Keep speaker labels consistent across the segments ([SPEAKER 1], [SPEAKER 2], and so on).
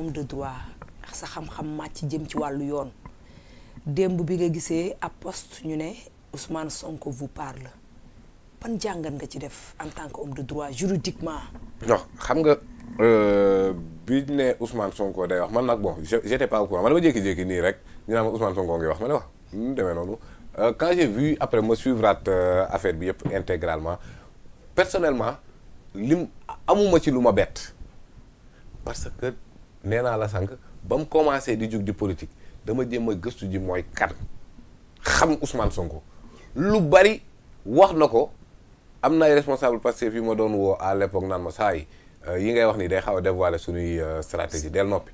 [SPEAKER 1] homme de droit ndax sa xam-xam màcc jëm ci wàllu yoon démb bi nga gisee ab poste ñu ne Ousmane Sonko vous parle ban jàngat nga ci def en tant que homme de droit juridiquement.
[SPEAKER 2] non xam nga euh, bi ñu ne Ousmane Sonko day wax man nag bon j'étais pas au courant man dama jékki-jékki nii rek ñu naan Ousmane Sonko ngi wax ma ne wax euh, après ma euh, affaire bi yëpp intégralement personnellement lim amuma ci lu ma bett nee naa la sànq ba mu commencé di jug di politique dama jéem a gëstu ji mooy kan xam Ousmane Sonko lu bari wax na ko am na ay responsable Pastef yu ma doon woo à l'époque naan ma saa yi euh, yi ngay wax ni day xaw a dévoiler suñuy euh, stratégie del noppi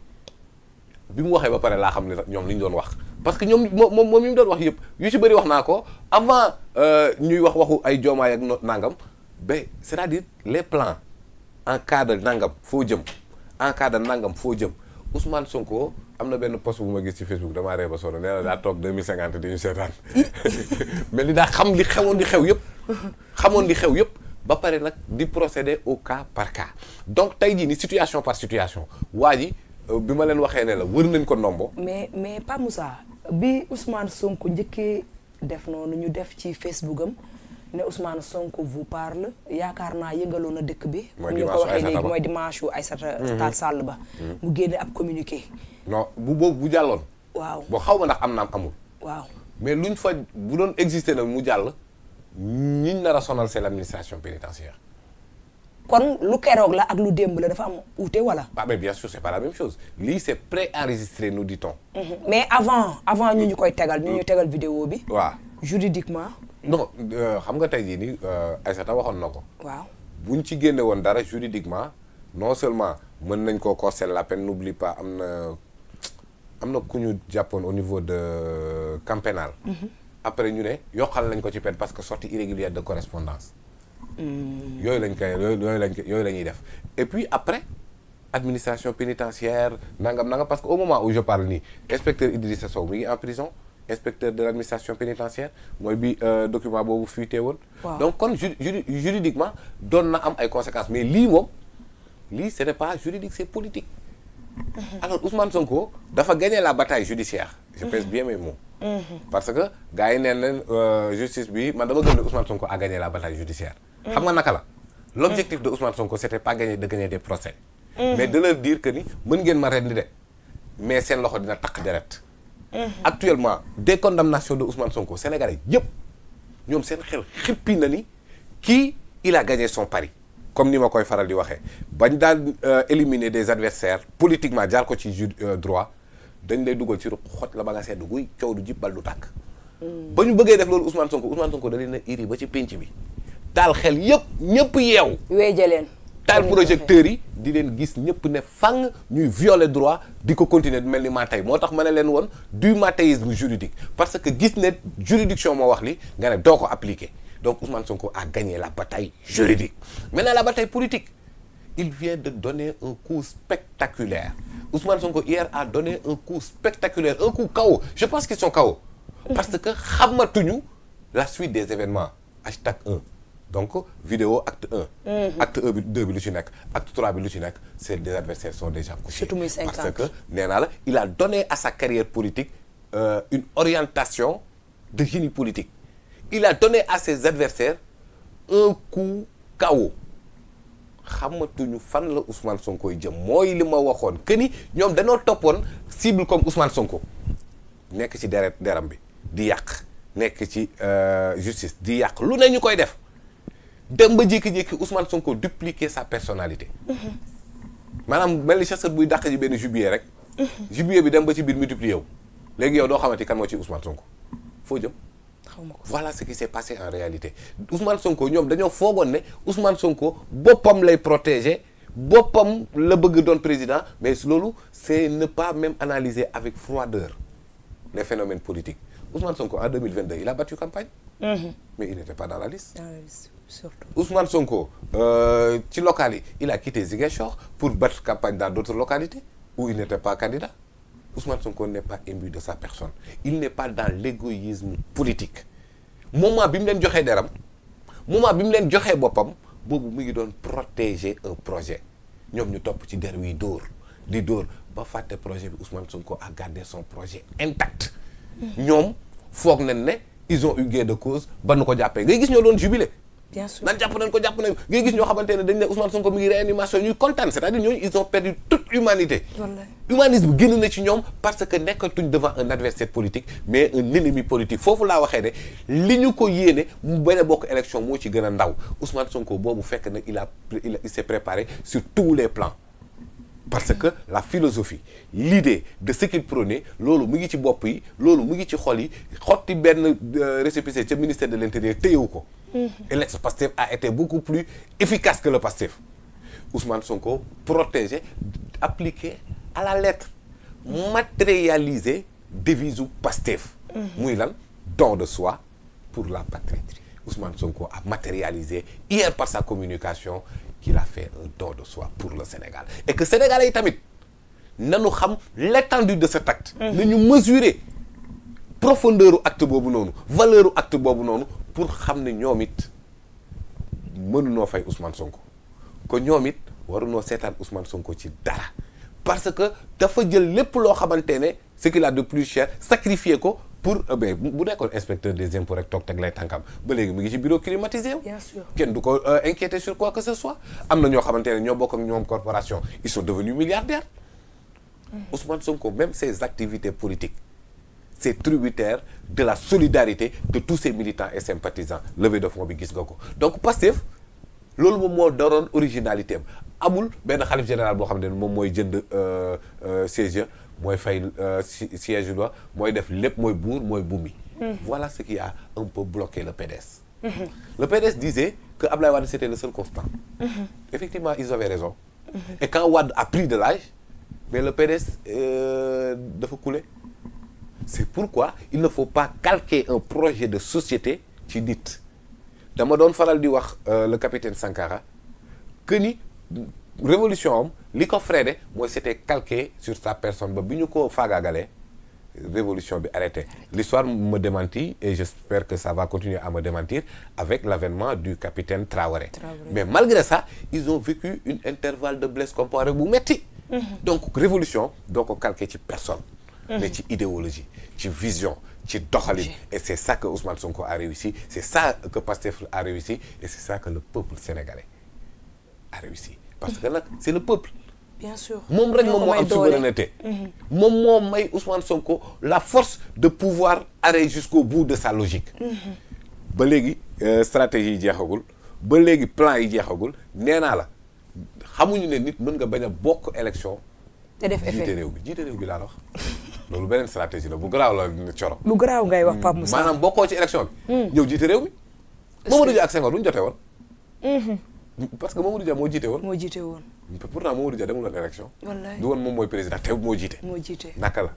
[SPEAKER 2] bi mu waxee ba pare laa xam ne ñoom li ñu doon wax parce que ñoom moom moom yi mu doon wax yëpp yu ci bëri wax naa ko avant euh, ñuy wax waxu ay joomaay ak nangam ba c'est-à-dire les plans en cadre nangam foo jëm en cas de nangam foo jëm Ousmane Sonko am na benn post bu ma gis ci Facebook damaa ree ba sonn nee na daa toog 2050 di ñu seetaan mel ni daa xam li xewoon di xew yëpp xamoon di xew yëpp ba pare nag di procéder au cas par cas donc tey jii ni situation par situation waa ji euh, bi ma leen waxee ne la wër nañ ko ndombo.
[SPEAKER 1] mais mais Pa Moussa bi Ousmane Sonko njëkkee def noonu ñu def ci Facebook am. ne Ousmane Sonko vous parle yaakaar naa yëngaloo na dëkk bi. mooy dimanche ko waxee léegi mooy dimanche yu Aïssata mhm. Tall Sall ba. Mhm. mu génne ab communiqué.
[SPEAKER 2] non bu boobu bu jàlloon. waaw boo xaw ma ndax am naam amul. waaw mais luñ fa bu doon existé nag mu jàll ñiñ na a sonal la l'administration pénitentiaire.
[SPEAKER 1] kon lu keroog la ak lu démb la dafa am uute wala.
[SPEAKER 2] ah mais bien sûr c'est pas la même chose lii c'est préenregistré nous dit-on.
[SPEAKER 1] Mhm. mais avant avant ñu ñu koy tegal ñu ñu euh, tegal
[SPEAKER 2] vidéo bi. waaw non euh, xam nga tey jii nii euh, Aïssata waxoon na ko. waaw buñ ci génne woon dara juridiquement non seulement mën nañ koo corser la peine n'oublie pas am na am na ku ñu jàppoon au niveau de euh, camp pénal. Mhm. après ñu ne yokkal nañ ko ci peine parce que sortie irrégulière de correspondance. Hmm. yooyu lañ koy yooyu lañ koy yooyu la ñuy def et puis après administration pénitentiaire nangam nangam parce que au moment où je parle nii inspecteur Idrissa Sow en prison. inspecteur de l' administration pénitentiaire mooy bi euh, document boobu fuité woon. donc kon ju juridiquement doon na am ay conséquences mais lii moom lii ce n' est pas juridique c' est politique. Mhm. alors Ousmane Sonko dafa gagné la bataille judiciaire. je mhm. pèse bien mes mhm. parce que gars yi neen leen euh, justice bi man dama gëm ne Ousmane Sonko a gagné la bataille judiciaire. xam nga naka la. l' objectif de Ousmane Sonko c' était pas gagner de des procès. mais de leur dire que ni mën ngeen ma rendi mais seen loxo dina takk deret Mmh. actuellement des condamnations de Ousmane Sonko sénégalais yëpp ñoom seen xel xippi na ni kii il a gagné son pari comme ni ma koy faral di waxee bañ daan euh, éliminer des adversaires politiquement jaar ko ci ju euh, droit dañ lay dugal ci ruq xoj la ba nga sedd guy coow du jib du tàkk. Mmh. ba ñu bëggee def loolu Ousmane Sonko Ousmane Sonko da leen a ba ci pénc bi daal xel yëpp ñëpp yeew. weeje leen. taal projecteurs yi di leen gis ñëpp ne fang ñuy violer droit di ko continuer mel ni maa tey moo tax ma ne leen woon du matéisme juridique parce que gis ne juridiction moo wax li nga ne doo ko appliquer donc Ousmane Sonko a gagné la bataille juridique maintenant la bataille politique il vient de donner un coup spectaculaire Ousmane Sonko hier a donné un coup spectaculaire un coup KO je pense que sont KO parce que xam xamatuñu la suite des événements hashtag 1 donc vidéo acte un. Mm-hmm. acte un bi deux bi lu ci nekk acte trois bi lu ci nekk c'est des adversaires sont déjà couchés. surtout muy cinquante parce que nee naa la il a donné à sa carrière politique euh, une orientation de génie politique. il a donné à ses adversaires un coup KO xamatuñu fan la Ousmane Sonko yi jëm mooy li ma waxoon que ni ñoom dañoo toppoon cible comme Ousmane Sonko nekk ci deret deram bi di yàq nekk ci euh, justice di yàq lu ne ñu koy def. dem ba jékki-jékki Ousmane Sonko dupliquer sa personnalité. maanaam mel ni chasseur buy dàq ji benn gibier rek. gibier bi dem ba ci biir multiplier wu. léegi yow doo xamante kan moo ci Ousmane Sonko foo jëm. xawma ko voilà ce qui s'est passé en réalité Ousmane Sonko ñoom dañoo foogoon ne Ousmane Sonko boppam lay protéger boppam la bëgg doon président mais loolu c'est ne pas même analyser avec froideur les phénomènes politiques Ousmane Sonko en 2022 il a battu
[SPEAKER 1] mm-hmm.
[SPEAKER 2] il n'était pas dans la liste. surtout Ousmane Sonko euh, ci local yi il a quitté Ziguinchor pour battre campagne dans d' autres localités il n' était pas candidat Ousmane Sonko n' est pas imbu de sa personne il ne est pas dans l' politique moment bi mu leen joxee deram moment bi mu leen joxee boppam boobu mu ngi doon protéger un projet ñoom ñu topp ci der wi dóor di dóor ba fàtte projet bi Ousmane Sonko ak gardé son projet intact hmm. ñoom foog nañ ne ils ont eu de cause ba nu ko jàppee ngay gis ñoo doon jubilé bien sûr nan jàpp nañ ko jàpp nañ ko gis ñoo xamante ne dañ ne Ousmane Sonko mi ngi réanimation ñuy kontaan c'est-à-dire ñooñu ils ont perdu toute humanité humanisme génn na ci ñoom parce que nekkatuñ devant un adversaire politique mais un ennemi politique foofu laa waxee ne li ñu ko yéene mu bañ bokk élection moo ci gën a ndaw Ousmane Sonko boobu fekk na il a il s'est préparé sur tous les plans parce que la philosophie l'idée de ce qu'il loolu mu ngi ci bopp yi loolu mu ngi ci xol yi xotti benn euh, récépissé ca ministère de l'intérieur téyewu ko et l'ex-Pastef a été beaucoup plus efficace que le Pastef ousman Sonko protégé appliqué à la lettre matérialisé devise u muy lan don de soi pour la patrie Ousmane Sonko a matérialisé hier par sa communication qu'il a fait un don de soi pour le Sénégal et que Sénégalais yi tamit na nanu xam l'étendue de cet acte mmh. nañu mesurer profondeur u acte boobu noonu valeur u acte boobu noonu pour xam ne ñoom it mënunoo fay Ousmane Sonko ko ñoom it warunoo seetaan Ousmane Sonko ci dara parce que dafa jël lépp loo xamante ne ce qu'il a de plus cher sacrifié ko pour euh, ben bu nekkoon inspecteur des impôts rek toog teg lay tànkam ba léegi mu ngi ci bureau climatisé wu. bien sûr kenn du ko euh, inquiéter sur quoi que ce soit am na ñoo xamante ne ñoo bokk ak ñoom corporation ils sont devenus milliardaires mm. Ousmane Sonko même ses activités politiques. c'est tributaire de la solidarité de tous ces militants et sympathisants levée de fonds bi gis nga ko donc Pastef loolu moom moo doroon originalité amul benn xalif général boo xam ne moom mooy jënd euh, euh, siège mooy fay euh, siège ba mooy def lépp mooy buur mooy bumi hmm. voilà ce qui a un peu bloqué le PDS hmm. le PDS disait que Ablaye Wade c'était le seul constant hmm. effectivement ils avaient raison et quand Wade a pris de lage mais le PDS dafa couler c'est pourquoi il ne faut pas calquer un projet de société ci nit dama doon faral di wax euh, le capitaine Sankara que ni révolution li ko freiné mooy c'était calqué sur sa personne ba bi ñu ko faagaagalee révolution bi arrêté l'histoire me démentit et j'espère que ça va continuer à me démentir avec l'avènement du capitaine Traoré. Traoré mais malgré sa ils ont vécu une intervalle de Blaise Compaoré bu metti mm-hmm. donc révolution doo ko ci personne mais ci idéologie ci vision ci doxalin et c'est ça que Ousmane Sonko a réussi c'est ça que Pastef a réussi et c'est ça que le peuple sénégalais a parce que nag c'est le peuple
[SPEAKER 1] moom rek moom moo am souveraineté mhm.
[SPEAKER 2] moom moo may Ousmane Sonko la force de pouvoir aller jusqu'au bout de sa logique mhm. ba léegi euh, stratégie yi jeexagul ba léegi plan yi jeexagul nee naa la xamuñu ne nit mën nga bañ a bokk élection
[SPEAKER 1] te jiite réew
[SPEAKER 2] bi jiite réew bi laa la wax loolu beneen stratégie la bu garaaw la coro
[SPEAKER 1] lu garaaw ngay wax Pape
[SPEAKER 2] Moussa maanaam bokkoo ci élection bi ñëw hmm. jiite réew mi Mamadou Dia ak Senghor duñu jotee woon mhm. parce que Mamadou Dia moo woon moo jiite woon pourtant Mamadou moom mooy président te moo jiite moo jiite naka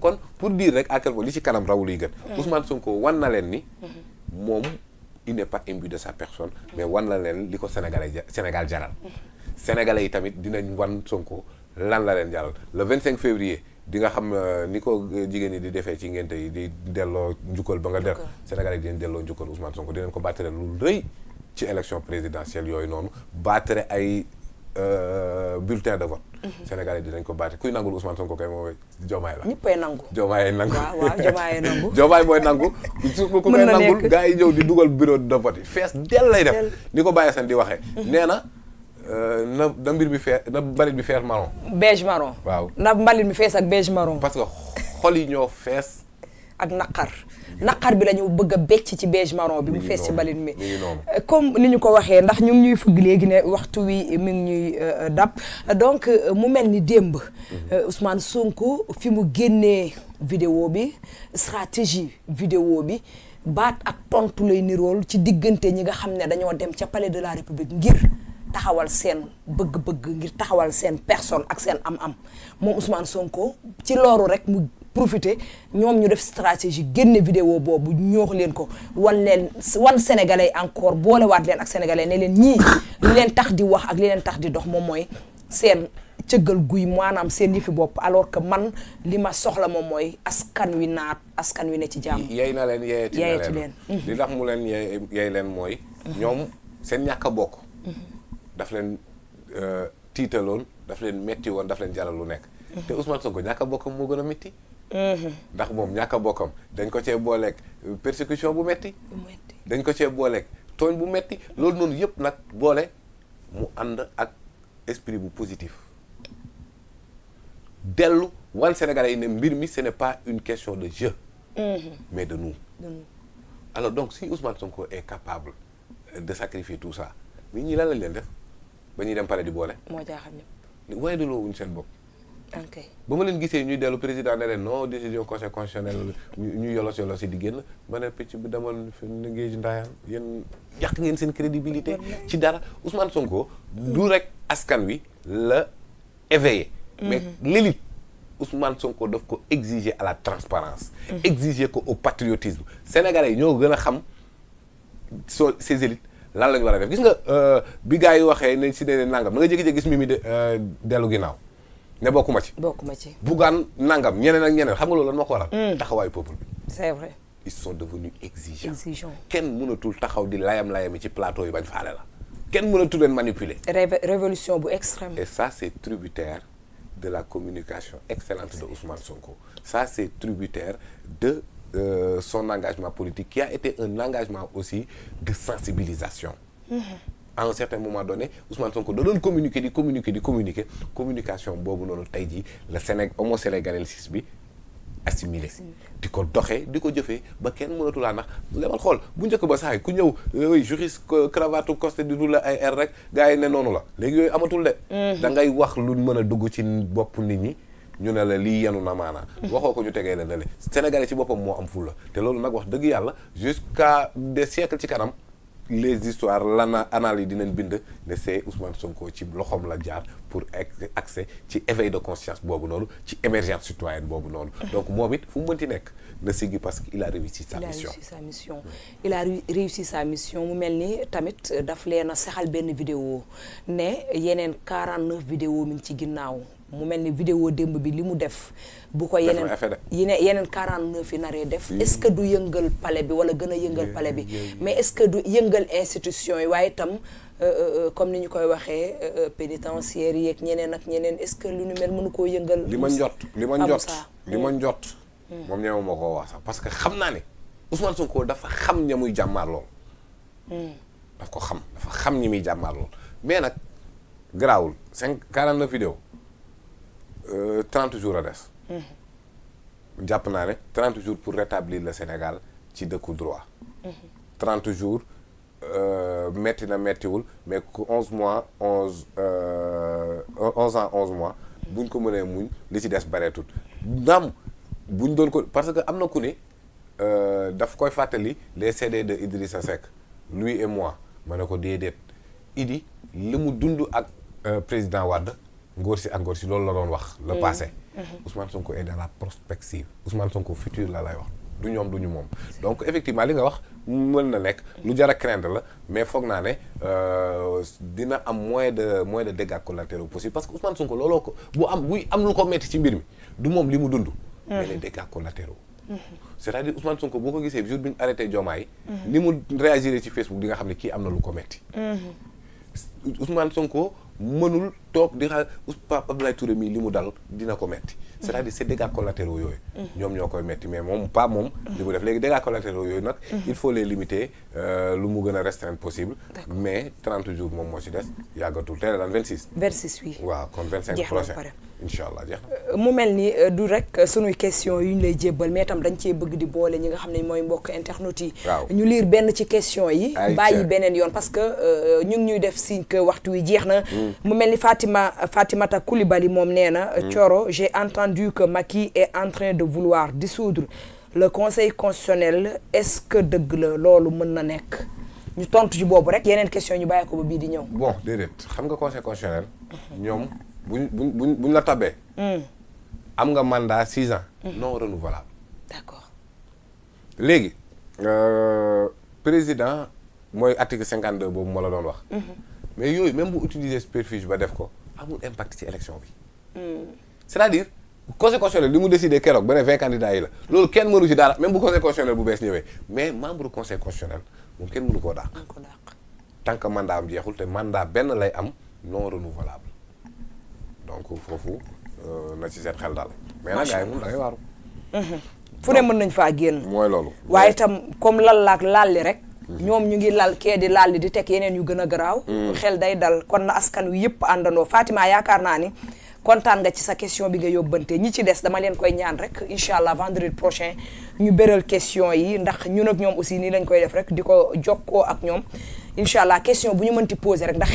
[SPEAKER 2] kon pour dire rek à quel point li ci kanam raw luy gën hmm. na leen ni
[SPEAKER 1] hmm.
[SPEAKER 2] moom il n'est pas imbu de sa personne mais wan na leen li ko Sénégalais Sénégal jaral Sénégalais yi tamit dinañ wan Sonko lan la leen jaral le 25 février di nga xam euh, ni ko euh, jigéen ñi di defee ci ngénte yi di delloo njukkal ba nga der Sénégal yi dinañ delloo njukkal Ousmane Sonko dinañ ko bàttale lu rëy ci élection présidentielle yooyu noonu bàttale ay euh, bulletin de vote mhm. Sénégal yi dinañ ko baati kuy nangul Ousmane Sonko kay moom Diomaye la ñëppay nangu Diomaye nangu waaw waaw Diomaye nangu Diomaye mooy nangu su ku koy nangul gars yi ñëw di dugal bureau de vote yi fees del lay def ni ko Baye seen di waxee mhm. nee na Euh, na mbir mi feer na mbalit bi waaw
[SPEAKER 1] na mbalit bi fees ak beige marron. parce que
[SPEAKER 2] xol yi ñoo fees.
[SPEAKER 1] ak naqar bi la ñu bëgg a becc ci beige marron bi mu fees ci mbalit mi euh, comme ni ñu ko waxee ndax ñu ngi ñuy fëgg léegi ne waxtu wi mi ñuy euh, dab donc mu mel ni démb mhm. Ousmane Sonko fi mu génnee vidéo bi stratégie vidéo bi baat ak tontu lay nirool ci diggante ñi nga xam ne dañoo dem ca palais de la république ngir taxawal seen bëgg-bëgg ngir taxawal seen personne ak seen am-am moom Ousmane Sonko ci loolu rek mu profité ñoom ñu def stratégie génne vidéo boobu ñoox leen ko wan leen wan sénégalais encore boolewaat leen ak sénégalais ne leen ñii li leen tax di wax ak li leen tax di dox moom mooy seen cëggal guy maanaam seen yëfi bopp alors que man li ma soxla moom mooy askan wi naat askan wi ne ci jàmm. yey na leen
[SPEAKER 2] yeyeeti na leen li tax mu leen yey leen mooy. Mm-hmm. ñoom seen ñàkk a bokk. Mm-hmm. daf leen euh, tiitaloon daf leen metti woon daf leen jaral lu nekk. Mm-hmm. te Ousmane Sonko ñàkk a bokkam moo gën a metti. Mm-hmm. ndax moom ñàkk a bokkam dañ ko cee booleek euh, persécution bu metti. dañ ko cee booleek tooñ bu metti loolu noonu yëpp nag boole mu ànd ak esprit bu positif. dellu wan Sénégalais yi ne mbir mi ce n'est pas une question de jeu. Mm-hmm. mais de nous. alors donc si Ousmane Sonko est capable euh, de sacrifier tout ça mais ñii lan lañ leen def. ba ñuy dem pare di boole. moo jaaxal ñëpp. waaye seen bopp. ok ba ma leen gisee ñuy dellu président ne noo non décision conseil constitutionnel ñu yolos yolos yi di génn ma ne picc bi demoon fi ngéej ndaayaan yéen yàq ngeen seen crédibilité. ci dara Ousmane Sonko. du rek askan wi la éveillé. Mhm. mais l'élite Ousmane Sonko daf ko exiger à la transparence mhm. exiger ko au patriotisme sénégalais ñoo gën a xam so ces élites lan la ñu war a def gis nga euh, bi gars yi waxee nañ si ne nangam na nga jékki-jékki gis mi mi euh, dellu ginnaaw ne bokkuma ci. bokkuma ci bugaan nangam ñeneen ak ñeneen xam nga loolu lan moo ko waral. Hmm. taxawaayu peuple bi. c'est vrai. ils sont devenus exigeants. exigeants kenn mënatul taxaw di layam layami ci plateau yi bañ faale la. kenn mënatul leen manipuler. révolution bu extrême. et ça c'est tributaire de la communication excellente de Ousmane Sonko ça c'est tributaire de. euh, son engagement politique qui a été un engagement aussi de sensibilisation mm -hmm. à un certain moment donné Ousmane Sonko da doon communiquer di communiquer di communiquer communication boobu noonu tey jii la Sénégal homo sénégalensis bi assimilé mm. di ko doxee di ko jëfee ba kenn mënatu laa nax xool bu njëkk ba sax ku ñëw yooyu eh juriste cravate costé di dul la ay air rek gars yi ne noonu la léegi yooyu amatul de mm-hmm. da ngay wax lu mën a dugg ci bopp nit ñi ñu ne la lii yenu na maanaa waxoo ko ñu tegee la ne Sénégalais ci boppam moo am fulla te loolu nag wax dëgg yàlla jusqu'à des siècles ci kanam les histoires lana anal yi dinañ bind ne c'est Ousmane Sonko ci loxoom la jaar pour accès ci éveil de conscience boobu noonu ci émergence citoyenne boobu noonu donc moom it fu mu mënti nekk na siggi parce que il a réussi sa
[SPEAKER 1] mission il a réussi sa mission sa mission mu mel ni tamit daf leen a saxal benn vidéo ne yeneen 49 vidéo mi ngi ci ginnaaw mu mel ni vidéo démb bi li mu def bu ko yeneen yeneen yeneen 49 yi naree def est que du yëngal palais bi wala gën a yëngal pale bi mais est ce que du yëngal institution yi waaye itam euh, euh, euh, comme ni ñu koy waxee pénitentiaire yi ak ñeneen ak ñeneen est ce que lu nu mel mënu koo yëngal li ma njot
[SPEAKER 2] li ma njot li ma njot hmm. moom ñeemu ma koo wax sax parce que xam naa ne Ousmane Sonko dafa xam ña muy jàmmaar lool hmm. daf ko xam dafa xam ñi muy jàmmaar lool mais nag garaawul cinq quarante neuf vidéo 30 euh, jours a des. jàpp naa ne 30 jours pour rétablir le Sénégal ci dëkku droit. 30 jours euh, metti na mettiwul mais ku 11 mois 11 11 euh, ans 11 mois. buñ ko mënee muñ li ci des bareetut naam buñ doon ko parce que am na ku ne daf koy fàttali les CD de Idrissa Seck lui et moi ma ne ko déedéet Idi li mu dund ak président Wade. ngóor si ak ngóor si loolu la doon wax. le mm. passé. Mm-hmm. Ousmane Sonko est dans la prospective Ousmane Sonko futur la lay wax du ñoom du moom. donc effectivement li nga wax mën na nekk lu jar a craindre la mais foog naa ne euh, dina am moins de moins de dégâts collatéraux possible parce que Ousmane Sonko looloo ko bu am buy am lu ko metti ci mbir mi du moom li mu dund. mais mm-hmm. les dégâts mm-hmm. c'est-à-dire Ousmane Sonko boo ko gisee jour bi ñu arrêté Diomaye. mu réagir ci Facebook di xam ne ko metti Ousmane mënul toog di xaar Pape Abdoulaye Touré mii li mu dal dina ko metti c'est-à-dire ces dégâts collatéraux yooyu ñoom ñoo koy metti mais moom pas moom li mu def léegi dégâts collatéraux yooyu nag il faut les limiter euh, lu mu gën a restreindre possible mais 30 jours moom moo ci des yàggatul te a daan 26 26 oui waaw kon 25 prochain incha euh,
[SPEAKER 1] mu mel ni euh, du rek euh, sunuy question yu ñu lay jébbal mais tam dañ cee bëgg di boole ñi nga xam ne mooy mbokk internet yi. ñu liir benn ci question yi. bàyyi beneen yoon parce que ñu ngi ñuy def signe que waxtu wi jeex na. Mm. mu mel ni Fatima Fatimata Koulibaly moom nee na. Mm. Thioro j'ai entendu que Macky est en train de vouloir dissoudre le conseil constitutionnel est-ce que dëgg la loolu mën na nekk. ñu tontu ci boobu rek yeneen question ñu bàyyi ko ba bii di ñëw.
[SPEAKER 2] bon déedéet nga conseil constitutionnel mm-hmm. ñoom. bu buñ buñ buñ la tabee. Hmm. am nga mandat six ans. Hmm. non renouvelable. d'accord léegi euh, président mooy article cinquante deux boobu moo la doon wax. Hmm. mais yooyu même bu utiliser superficie ba def ko amul impact ci élection bi. c'est-à-dire conseil constitutionnel li mu décidé keroog ba ne vingt candidats yi la loolu kenn mënu ci dara même bu conseil constitutionnel bu bees ñëwee mais membre conseil constitutionnel moom kenn mënu koo dàq. tant que mandat am jeexul te mandaa benn lay am non renouvelable. donc foofu euh, na ci seet xel daal. mais nag gars yi moom da waaru.
[SPEAKER 1] Mhm. fu ne mën nañ faa génn. mooy loolu. waaye itam comme lal laak lalli rek. Mhm. ñoom ñu ngi lal kee di lalli di teg yeneen yu gën a garaaw. Mhm. xel day dal kon na askan wi yëpp àndandoo Fatima yaakaar naa ni. kontaan nga ci sa question bi nga yóbbante ñi ci des dama leen koy ñaan rek incha allah vendredi prochain ñu béral question yi ndax ñu ak ñoom aussi nii lañ koy def rek di ko jokkoo ak ñoom incha allah question bu ñu mënti poser rek ndax.